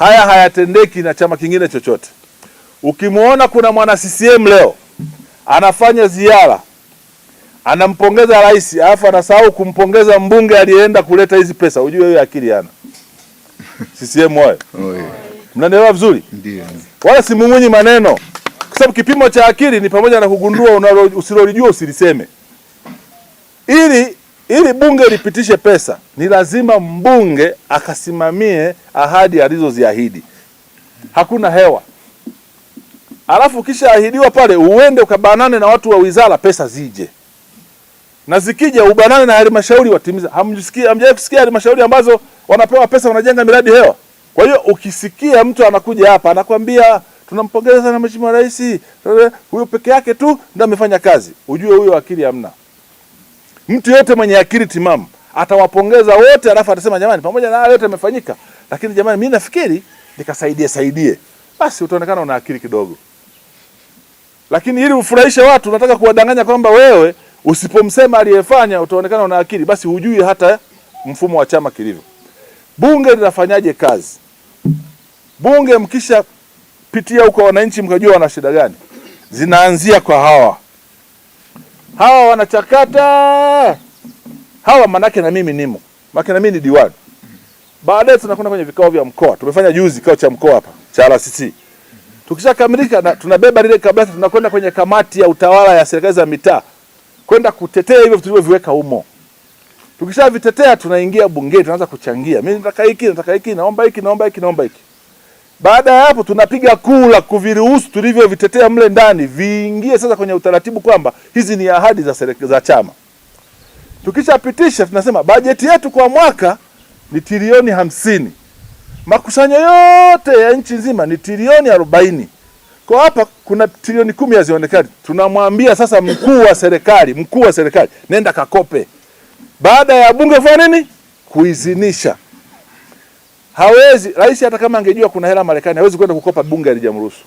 Haya hayatendeki na chama kingine chochote. Ukimwona kuna mwana CCM leo anafanya ziara anampongeza rais, alafu anasahau kumpongeza mbunge aliyeenda kuleta hizi pesa, ujue hiyo akili hana. CCM wayo, mnanielewa vizuri? Ndio, wala simung'unyi maneno, kwa sababu kipimo cha akili ni pamoja na kugundua usilolijua usiliseme, ili ili bunge lipitishe pesa ni lazima mbunge akasimamie ahadi alizoziahidi. Hakuna hewa. Alafu kisha ahidiwa pale, uende ukabanane na watu wa wizara, pesa zije, na zikija ubanane na halmashauri watimiza. Hamjisikii, hamjawahi kusikia halmashauri ambazo wanapewa pesa wanajenga miradi hewa? Kwa hiyo ukisikia mtu anakuja hapa anakwambia tunampongeza sana Mheshimiwa Rais, eh, huyo peke yake tu ndio amefanya kazi, ujue huyo akili hamna. Mtu yote mwenye akili timamu atawapongeza wote, alafu atasema jamani, pamoja na yote yamefanyika, lakini jamani, mimi nafikiri nikasaidie saidie, basi utaonekana una akili kidogo. Lakini ili ufurahishe watu, unataka kuwadanganya kwamba wewe usipomsema aliyefanya utaonekana una akili, basi hujui hata mfumo wa chama kilivyo. Bunge linafanyaje kazi? Bunge pitia huko wananchi, mkajua wana shida gani, zinaanzia kwa hawa hawa wanachakata hawa, manake na mimi nimo, manake na mimi ni diwani. Baadaye tunakwenda kwenye vikao vya mkoa. Tumefanya juzi kikao cha mkoa hapa cha RCC, tukishakamilika na tunabeba lile kabla, tunakwenda kwenye kamati ya utawala ya serikali za mitaa kwenda kutetea hivyo vitu vilivyoviweka humo. Tukishavitetea tunaingia bungeni, tunaanza kuchangia, mimi nataka hiki, nataka hiki, naomba hiki, naomba hiki, naomba hiki baada ya hapo tunapiga kula kuviruhusu tulivyovitetea mle ndani viingie sasa kwenye utaratibu kwamba hizi ni ahadi za serikali za chama. Tukishapitisha tunasema bajeti yetu kwa mwaka ni trilioni hamsini. Makusanyo yote ya nchi nzima ni trilioni arobaini. Kwa hapa kuna trilioni kumi hazionekani. Tunamwambia sasa mkuu wa serikali, mkuu wa serikali, nenda kakope. Baada ya bunge kufanya nini? Kuizinisha hawezi rais, hata kama angejua kuna hela Marekani hawezi kwenda kukopa, bunge alijamruhusu.